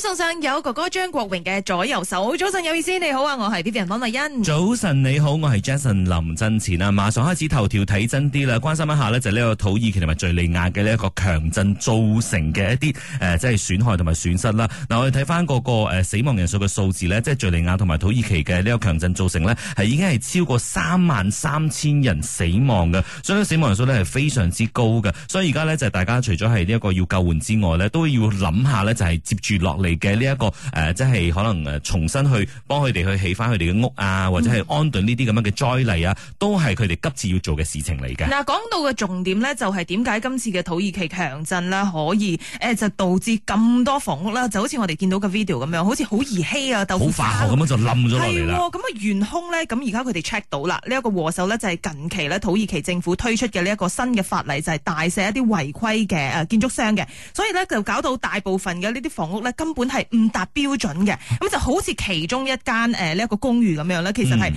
早上，有哥哥張國榮嘅左右手。早晨有意思，你好啊，我係 Vivian 方麗欣。早晨你好，我係 Jason 林振前啊。馬上開始頭條睇真啲啦，關心一下咧，就呢、是、個土耳其同埋敘利亞嘅呢一個強震造成嘅一啲誒、呃，即係損害同埋損失啦。嗱、呃，我哋睇翻嗰個誒死亡人數嘅數字咧，即係敘利亞同埋土耳其嘅呢個強震造成咧，係已經係超過三萬三千人死亡嘅，所以咧死亡人數咧係非常之高嘅。所以而家咧就係、是、大家除咗係呢一個要救援之外咧，都要諗下咧就係接住落。嚟嘅呢一個誒、呃，即係可能誒，重新去幫佢哋去起翻佢哋嘅屋啊，或者係安頓呢啲咁樣嘅災難啊，都係佢哋急切要做嘅事情嚟嘅。嗱、嗯，講到嘅重點咧，就係點解今次嘅土耳其強震啦，可以誒、呃、就導致咁多房屋啦，就好似我哋見到嘅 video 咁樣，好似好兒戲啊，豆腐渣咁樣就冧咗落嚟啦。咁啊，元兇咧，咁而家佢哋 check 到啦，呢、這、一個禍首咧就係近期咧土耳其政府推出嘅呢一個新嘅法例，就係大赦一啲違規嘅誒建築商嘅，所以咧就搞到大部分嘅呢啲房屋咧今根本係唔達標準嘅，咁就好似其中一間誒呢一個公寓咁樣咧。其實係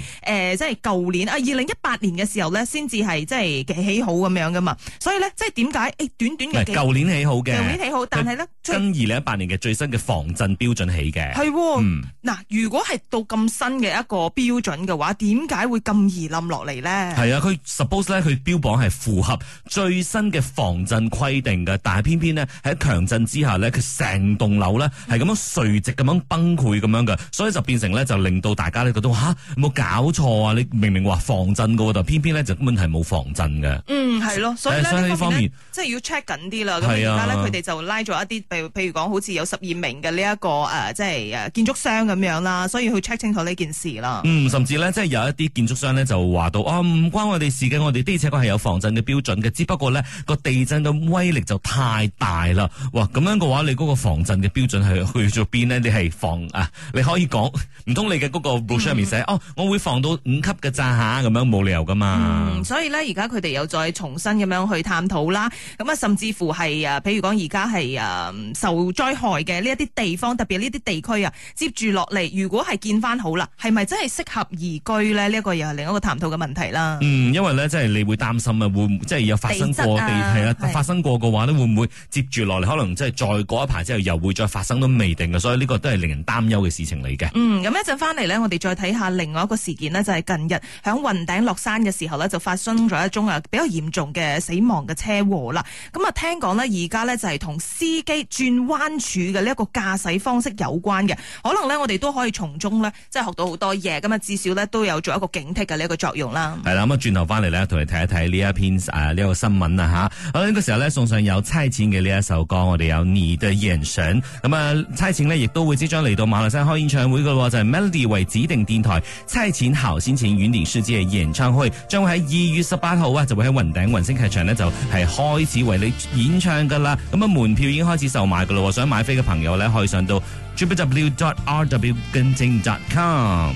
誒即係舊年啊，二零一八年嘅時候咧，先至係即係幾起好咁樣噶嘛。所以咧，即係點解誒短短嘅舊年起好嘅，舊年起好，但係咧跟二零一八年嘅最新嘅防震標準起嘅，係、嗯。喎！嗱，如果係到咁新嘅一個標準嘅話，點解會咁易冧落嚟？咧？係啊，佢 suppose 咧，佢標榜係符合最新嘅防震規定嘅，但係偏偏咧喺強震之下咧，佢成棟樓咧。係咁樣垂直咁樣崩潰咁樣嘅，所以就變成咧就令到大家咧覺得吓，有冇搞錯啊？你明明話防震嗰度，偏偏咧就根本係冇防震嘅。嗯，係、嗯、咯，所以呢所以方面，方面即係要 check 緊啲啦。咁而家佢哋就拉咗一啲，譬如譬如講好似有十二名嘅呢一個、啊、即係建築商咁樣啦，所以去 check 清楚呢件事啦。嗯，甚至咧即係有一啲建築商咧就話到啊，唔關我哋事嘅，我哋的而且確係有防震嘅標準嘅，只不過咧個地震嘅威力就太大啦。哇，咁樣嘅話你嗰個防震嘅標準係。去咗邊呢？你係防啊？你可以講，唔通你嘅嗰個 brochure 寫？哦，我會防到五級嘅炸吓咁樣，冇理由噶嘛、嗯。所以咧，而家佢哋又再重新咁樣去探討啦。咁啊，甚至乎係啊，譬如講而家係啊，受災害嘅呢一啲地方，特別呢啲地區啊，接住落嚟，如果係建翻好啦，係咪真係適合宜居咧？呢、這、一個又係另一個探討嘅問題啦。嗯，因為咧，即、就、係、是、你會擔心啊，會即係有發生過地係啊，發生過嘅話咧，會唔會接住落嚟，可能即係再過一排之後，又會再發生？都未定嘅，所以呢個都係令人擔憂嘅事情嚟嘅。嗯，咁一陣翻嚟呢，我哋再睇下另外一個事件呢，就係近日響雲頂落山嘅時候呢，就發生咗一宗啊比較嚴重嘅死亡嘅車禍啦。咁啊，聽講呢，而家呢就係同司機轉彎處嘅呢一個駕駛方式有關嘅，可能呢，我哋都可以從中呢，即係學到好多嘢，咁啊至少呢都有做一個警惕嘅呢一個作用啦。係啦，咁啊轉頭翻嚟呢，同你睇一睇呢一篇誒呢個新聞啊吓。好，呢個時候呢，送上有差錢嘅呢一首歌，我哋有你的眼神咁啊。猜錢呢亦都會即將嚟到馬來西亞開演唱會嘅，就係、是、Melody 為指定電台猜錢豪先請軟年之夜演唱會，將會喺二月十八號啊，就會喺雲頂雲星劇場呢，就係開始為你演唱噶啦。咁啊，門票已經開始售賣噶啦，想買飛嘅朋友呢，可以上到 www.rwgenting.com。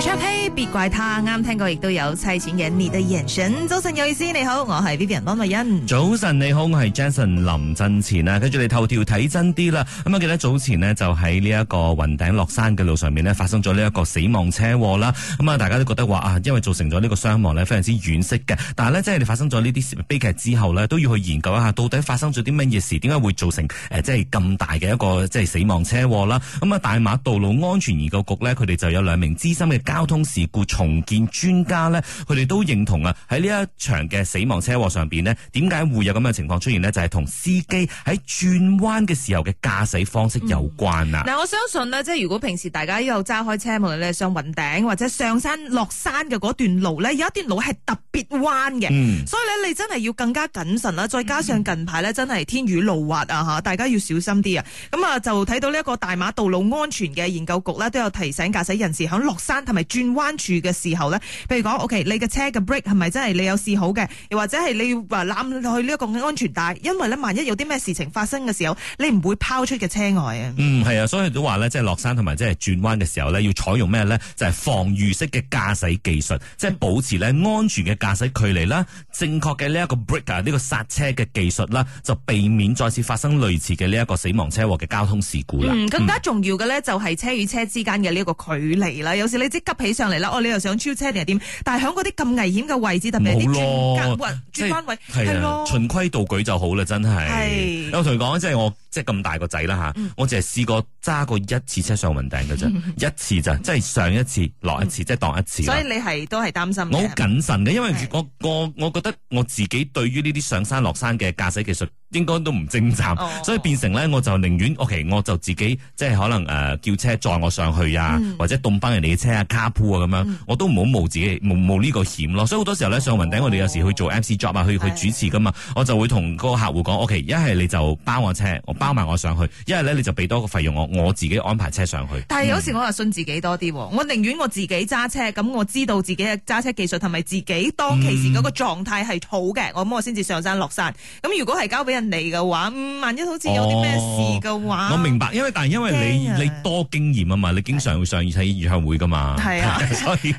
唱別怪他，啱聽過亦都有砌錢嘅你的眼神。早晨有意思，你好，我係 Vivian 汪慧欣。早晨你好，我係 Jason 林振前啦。跟住你頭條睇真啲啦。咁啊記得早前呢，就喺呢一個雲頂落山嘅路上面呢，發生咗呢一個死亡車禍啦。咁啊大家都覺得話啊，因為造成咗呢個傷亡呢，非常之惋惜嘅。但係呢，即係你發生咗呢啲悲劇之後呢，都要去研究一下到底發生咗啲乜嘢事，點解會造成誒、呃、即係咁大嘅一個即係死亡車禍啦？咁啊大馬道路安全研究局呢，佢哋就有兩名資深嘅。交通事故重建專家呢，佢哋都認同啊，喺呢一場嘅死亡車禍上邊呢，點解會有咁嘅情況出現呢？就係、是、同司機喺轉彎嘅時候嘅駕駛方式有關啊！嗱、嗯，我相信呢，即係如果平時大家有揸開車，無論你係上雲頂或者上山落山嘅嗰段路呢，有一段路係特別彎嘅、嗯，所以呢，你真係要更加謹慎啦！再加上近排呢，真係天雨路滑啊嚇，大家要小心啲啊！咁啊就睇到呢一個大馬道路安全嘅研究局呢，都有提醒駕駛人士響落山。係咪轉彎處嘅時候咧？譬如講，O K，你嘅車嘅 brake 係咪真係你有試好嘅？又或者係你要話攬落去呢一個安全帶？因為咧，萬一有啲咩事情發生嘅時候，你唔會拋出嘅車外啊。嗯，係啊，所以都話咧，即係落山同埋即係轉彎嘅時候咧，要採用咩咧？就係、是、防禦式嘅駕駛技術，即、就、係、是、保持咧安全嘅駕駛距離啦，正確嘅呢一個 brake 啊，呢個剎車嘅技術啦，就避免再次發生類似嘅呢一個死亡車禍嘅交通事故啦。嗯，更加重要嘅咧，就係車與車之間嘅呢個距離啦、嗯。有時你即係急起上嚟啦！哦，你又想超車定係點？但係喺嗰啲咁危險嘅位置，特別係啲轉角位、轉彎位，係咯，循規蹈矩就好啦，真係。有同你講，即係我。即係咁大個仔啦嚇、嗯，我淨係試過揸過一次車上雲頂嘅啫，一次咋、嗯，即係上一次落一次，嗯、即係當一次。所以你係都係擔心好謹慎嘅，因為我我我,我覺得我自己對於呢啲上山落山嘅駕駛技術應該都唔精湛，所以變成咧我就寧願，OK，我就自己即係可能誒、呃、叫車載我上去呀、嗯，或者動翻人哋嘅車啊，卡鋪啊咁樣、嗯，我都唔好冒自己冒呢個險咯。所以好多時候咧上雲頂、哦，我哋有時去做 MC job 啊，去去主持噶嘛，我就會同個客戶講，OK，一係你就包我車，包埋我上去，一係咧你就俾多個費用我，我自己安排車上去。但係有時我又信自己多啲，我寧願我自己揸車，咁我知道自己嘅揸車技術同埋自己當其時嗰個狀態係好嘅、嗯，我咁我先至上山落山。咁如果係交俾人哋嘅話，萬一好似有啲咩事嘅話、哦，我明白，因為但係因為你你多經驗啊嘛，你經常會上而且以後會噶嘛，係啊，所以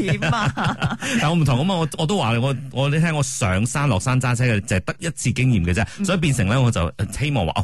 點 啊？但係我唔同啊嘛，我都我都話我我你聽我上山落山揸車嘅，就係得一次經驗嘅啫，所以變成咧我就希望話。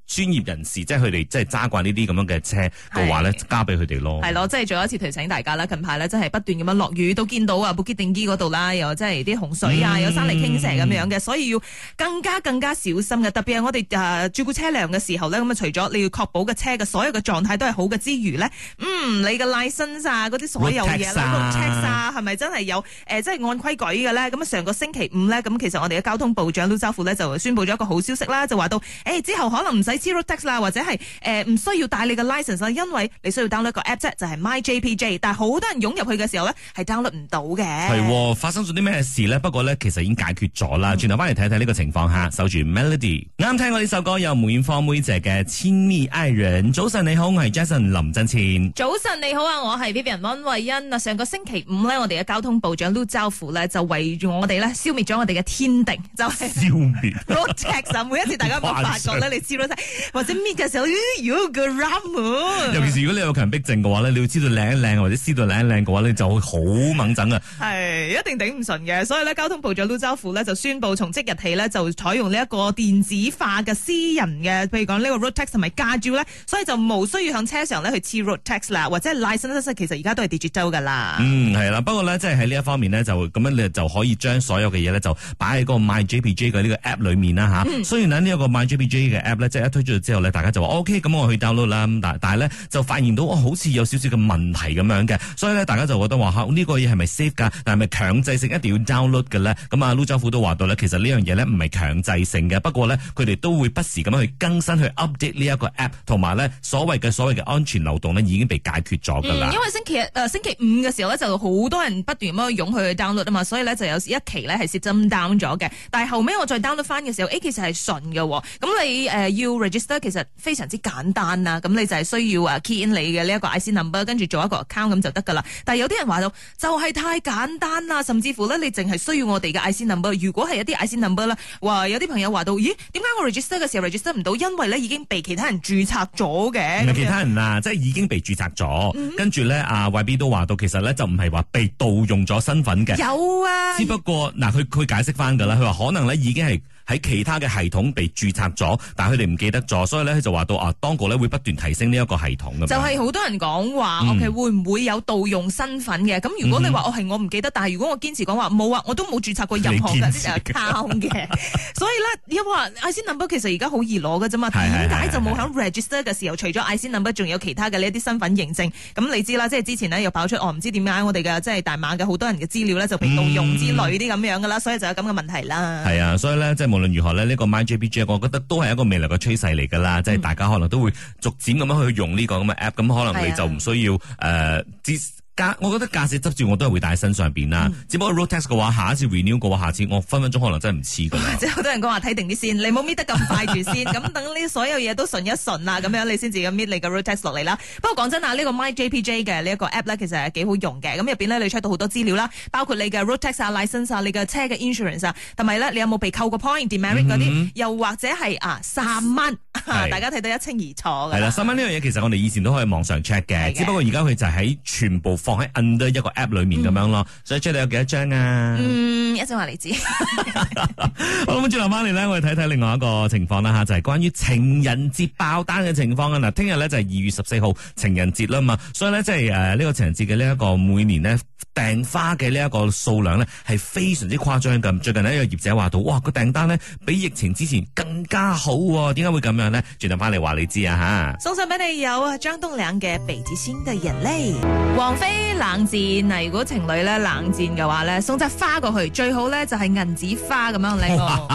專業人士即係佢哋即係揸慣呢啲咁樣嘅車嘅話咧，交俾佢哋咯。係咯，即係再一次提醒大家啦。近排咧，真係不斷咁樣落雨，都見到啊布吉定機嗰度啦，又即係啲洪水啊、嗯，有山泥傾瀉咁樣嘅，所以要更加更加小心嘅。特別係我哋誒照顧車輛嘅時候咧，咁啊除咗你要確保嘅車嘅所有嘅狀態都係好嘅之餘咧，嗯，你嘅 license 啊，嗰啲所有嘢啦 check 啊係咪真係有誒，即、呃、係按規矩嘅咧？咁啊，上個星期五咧，咁其實我哋嘅交通部長陸兆福咧就宣佈咗一個好消息啦，就話到誒、欸，之後可能唔使。roadtax 啦，或者係誒唔需要帶你嘅 license，因為你需要 download 一個 app 啫，就係 MyJPJ。但係好多人湧入去嘅時候咧，係 download 唔到嘅。係、哦，發生咗啲咩事咧？不過咧，其實已經解決咗啦。轉頭翻嚟睇一睇呢個情況下，守住 Melody。啱、嗯、啱聽過呢首歌有梅艷芳妹姐嘅《親密愛人》。早晨你好，我係 Jason 林振前。早晨你好啊，我係 Vivian 溫慧欣。啊，上個星期五咧，我哋嘅交通部長陸兆福咧就為住我哋咧消滅咗我哋嘅天敵，就係、是、消滅 roadtax。每一次大家有冇發覺咧， 你 roadtax 或者咩嘅時候，咦、 呃？喲，個 r a 尤其是如果你有強迫症嘅話咧，你要知道靚靚或者黐到靚靚嘅話咧，領領你就會好猛憎啊！係 一定頂唔順嘅。所以咧，交通部長陸兆福咧就宣布，從即日起咧就採用呢一個電子化嘅私人嘅，譬如講呢個 road tax 同埋駕照咧，所以就冇需要向車上咧去黐 road tax 啦，或者賴新息息，其實而家都係 digital 噶啦。嗯，係啦。不過咧，即係喺呢一方面咧，就咁樣你就可以將所有嘅嘢咧就擺喺個 MyJPJ 嘅呢個 app 裏面啦吓、啊嗯。雖然喺呢一個 MyJPJ 嘅 app 咧，即係一。跟住之後咧，大家就話 OK，咁我去 download 啦。但但係咧，就發現到好似有少少嘅問題咁樣嘅，所以呢，大家就覺得話呢、啊呢個嘢係咪 safe 㗎？但係咪強制性一定要 download 嘅咧？咁啊，盧州府都話到啦，其實呢樣嘢咧唔係強制性嘅。不過呢，佢哋都會不時咁樣去更新、去 update 呢一個 app，同埋呢所謂嘅所謂嘅安全漏洞呢已經被解決咗㗎啦。因為星期、呃、星期五嘅時候呢，就好多人不斷咁樣湧去去 download 啊嘛，所以呢就有時一期呢係涉針 down 咗嘅。但係後尾我再 download 翻嘅時候 A，其實係順嘅。咁你誒、呃、要？register 其實非常之簡單啊，咁你就係需要啊 key in 你嘅呢一個 IC number，跟住做一個 account 咁就得噶啦。但係有啲人話到就係、是、太簡單啦，甚至乎咧你淨係需要我哋嘅 IC number。如果係一啲 IC number 啦，話有啲朋友話到，咦？點解我 register 嘅時候 register 唔到？因為咧已經被其他人註冊咗嘅。唔其他人啊，即係已經被註冊咗、嗯，跟住咧啊外 b 都話到，其實咧就唔係話被盜用咗身份嘅，有啊。只不過嗱，佢、呃、佢解釋翻噶啦，佢話可能咧已經係。喺其他嘅系統被註冊咗，但係佢哋唔記得咗，所以咧就話到啊，當局咧會不斷提升呢一個系統就係、是、好多人講話，OK 會唔會有盜用身份嘅？咁如果你話、嗯哦、我係我唔記得，但係如果我堅持講話冇啊，我都冇註冊過任何嘅呢啲嘢，冇嘅。即 所以咧，IC number 其實而家好易攞嘅啫嘛，點解就冇喺 register 嘅時候，除咗 IC number 仲有其他嘅呢一啲身份認證？咁你知啦，即係之前呢又爆出、哦、我唔知點解我哋嘅即係大馬嘅好多人嘅資料咧就被盜用之類啲咁樣嘅啦，所以就有咁嘅問題啦。係啊，所以咧即係冇。無論如何咧，呢個 MindJPG，我覺得都係一個未來嘅趨勢嚟噶啦。嗯、即係大家可能都會逐漸咁樣去用呢個咁嘅 app，咁可能你就唔需要誒。我覺得駕駛執照我都係會帶喺身上邊啦、嗯，只不過 Road Tax 嘅話，下一次 Renew 嘅話，下次我分分鐘可能真係唔黐㗎啦。即係好多人講話睇定啲先，你冇搣得咁快住 先，咁等呢所有嘢都順一順啦，咁樣你先至搣你嘅 Road Tax 落嚟啦。 不過講真啊，呢、這個 My JPJ 嘅呢一個 App 咧，其實係幾好用嘅。咁入邊咧，你出到好多資料啦，包括你嘅 Road Tax 啊、license 啊、你嘅車嘅 Insurance 啊，同埋咧你有冇被扣過 point、嗯、demerit 嗰啲，又或者係啊三蚊。啊、大家睇得一清二楚嘅。係啦，新聞呢樣嘢其實我哋以前都可以網上 check 嘅，只不過而家佢就係喺全部放喺 under 一個 app 裏面咁、嗯、樣咯。所以 check 到有幾多張啊？嗯，一張話你知。 好，咁轉頭翻嚟咧，我哋睇睇另外一個情況啦吓，就係、是、關於情人節爆單嘅情況啊！嗱，聽日咧就係二月十四號情人節啦嘛，所以咧即係誒呢個情人節嘅呢一個每年呢訂花嘅呢一個數量咧係非常之誇張，咁最近有一個業者話到，哇、這個訂單呢比疫情之前更加好喎，點解會咁樣？轉頭翻嚟話你知啊嚇！送上俾你有張東玲嘅鼻子先嘅人咧，王菲冷戰嗱，如果情侶咧冷戰嘅話咧，送紮花過去最好咧就係銀紙花，咁樣呢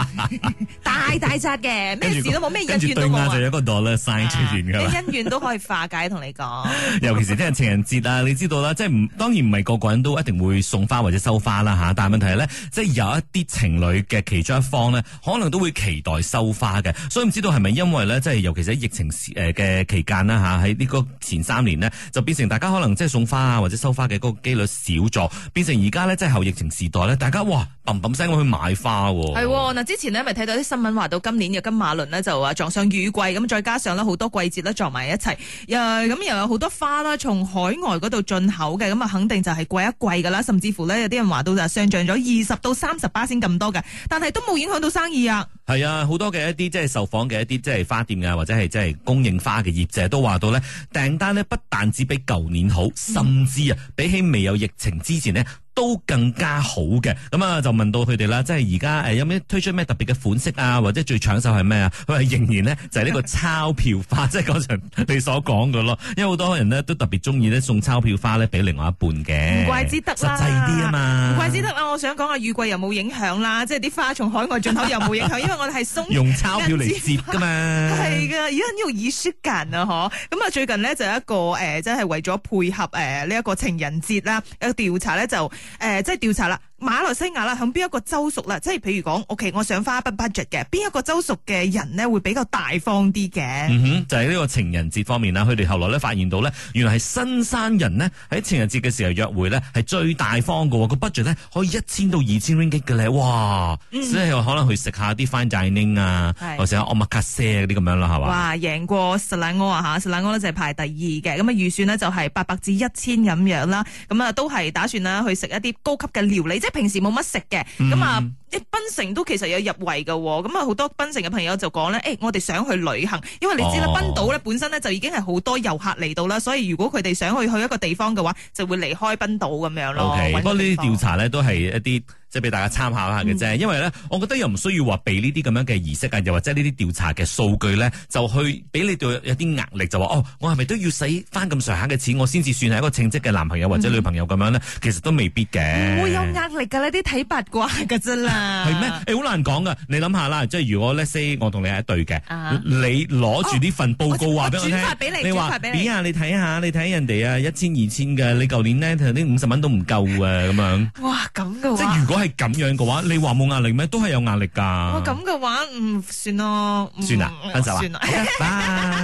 大大扎嘅，咩 事都冇，咩恩怨都冇啊！跟住對眼就一個 Dollar Sign 出嚟嘅啦，恩怨都可以化解， 同你講。尤其是即係情人節啊， 你知道啦，即係當然唔係個個人都一定會送花或者收花啦嚇，但係問題係咧，即係有一啲情侶嘅其中一方咧，可能都會期待收花嘅，所以唔知道係咪因為。即係尤其是喺疫情誒嘅期間啦吓，喺呢個前三年呢，就變成大家可能即係送花啊或者收花嘅嗰個機率少咗，變成而家呢，即係後疫情時代呢，大家哇嘭嘭聲我去買花係嗱，之前呢咪睇到啲新聞話到今年嘅金馬倫呢，就話撞上雨季，咁再加上咧好多季節咧撞埋一齊，咁又有好多花啦，從海外嗰度進口嘅，咁啊肯定就係貴一貴噶啦，甚至乎呢，有啲人話到就上漲咗二十到三十巴仙咁多嘅，但係都冇影響到生意啊。係啊，好多嘅一啲即係受訪嘅一啲即係花店啊，或者係即係供應花嘅業者都話到咧，訂單咧不但只比舊年好，甚至啊比起未有疫情之前咧。都更加好嘅，咁啊就問到佢哋啦，即係而家誒有咩推出咩特別嘅款式啊，或者最搶手係咩啊？佢係仍然呢，就係呢個鈔票花，即係剛才你所講嘅咯，因為好多人呢都特別中意呢送鈔票花咧俾另外一半嘅，唔怪之得啦，實際啲啊嘛，唔怪之得啊，我想講啊，雨季又冇影響啦，即係啲花從海外進口又冇影響， 因為我哋係送用鈔票嚟接噶嘛，係噶。而家呢個以舒格啊嗬，咁啊最近呢就有一個誒，即、呃、係為咗配合誒呢一個情人節啦，一個調查咧就。誒、呃，即係調查啦。馬來西亞啦，響邊一個州屬啦，即係譬如講，OK，我想花一筆 budget 嘅，邊一個州屬嘅人呢會比較大方啲嘅。嗯哼，就喺、是、呢個情人節方面啦，佢哋後來咧發現到呢，原來係新山人呢喺情人節嘅時候約會呢係最大方噶，個 budget 呢可以一千到二千 ringgit 嘅咧，哇！嗯、即係可能去食下啲 fine dining 啊，或者阿 Omakase 嗰啲咁樣啦，係嘛？哇！贏過雪蘭莪啊吓，雪蘭莪咧就排第二嘅，咁啊預算呢就係八百至一千咁樣啦，咁啊都係打算啦去食一啲高級嘅料理。即係平時冇乜食嘅，咁、嗯、啊，一檳城都其實有入圍噶，咁啊好多檳城嘅朋友就講咧，誒、欸，我哋想去旅行，因為你知啦，檳島咧本身咧就已經係好多遊客嚟到啦，所以如果佢哋想去去一個地方嘅話，就會離開檳島咁樣咯。Okay, 不過調呢啲調查咧都係一啲。俾大家參考下嘅啫，因為咧，我覺得又唔需要話避呢啲咁樣嘅儀式啊，又或者這些調呢啲調查嘅數據咧，就去俾你對有啲壓力，就話哦，我係咪都要使翻咁上下嘅錢，我先至算係一個稱職嘅男朋友或者女朋友咁、嗯、樣咧？其實都未必嘅，唔會有壓力㗎呢啲睇八卦㗎啫啦，係 咩？好、欸、難講㗎，你諗下啦，即係如果咧我同你係一對嘅、啊，你攞住呢份報告話、哦、俾我聽，你話，點啊？你睇下，你睇人哋啊，一千二千㗎，你舊年呢，同五十蚊都唔夠啊，咁樣。哇，咁嘅話，即如果係。咁樣嘅話，你話冇壓力咩？都係有壓力噶。咁、哦、嘅話，唔算咯。算啊，嗯，分手啦。唔係、okay,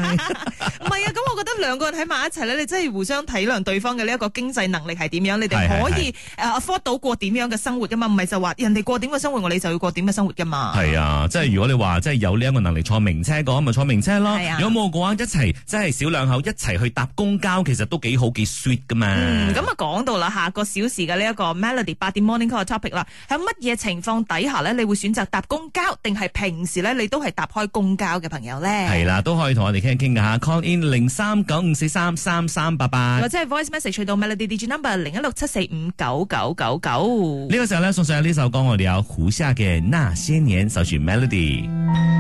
啊，咁我覺得兩個人喺埋一齊咧，你真係互相體諒對方嘅呢一個經濟能力係點樣， 你哋可以誒 afford 到過點樣嘅生活噶嘛？唔係就話人哋過點嘅生活，我 哋就要過點嘅生活噶嘛？係啊，即係如果你話即係有呢一個能力坐名車嘅，咪坐名車咯。啊、如果沒有冇嘅話一齊，即係小兩口一齊去搭公交，其實都幾好幾 sweet 噶嘛。嗯，咁啊講到啦，下個小時嘅呢一個 Melody 八點 Morning Call topic 啦。喺乜嘢情況底下咧，你會選擇搭公交，定係平時咧，你都係搭開公交嘅朋友咧？係啦，都可以同我哋傾一傾噶吓，call in 零三九五四三三三八八，或者係 voice message 去到 melody Digi number 零一六七四五九九九九。呢、這個時候咧，送上呢首歌我哋有《胡夏的那些年》，少許 melody。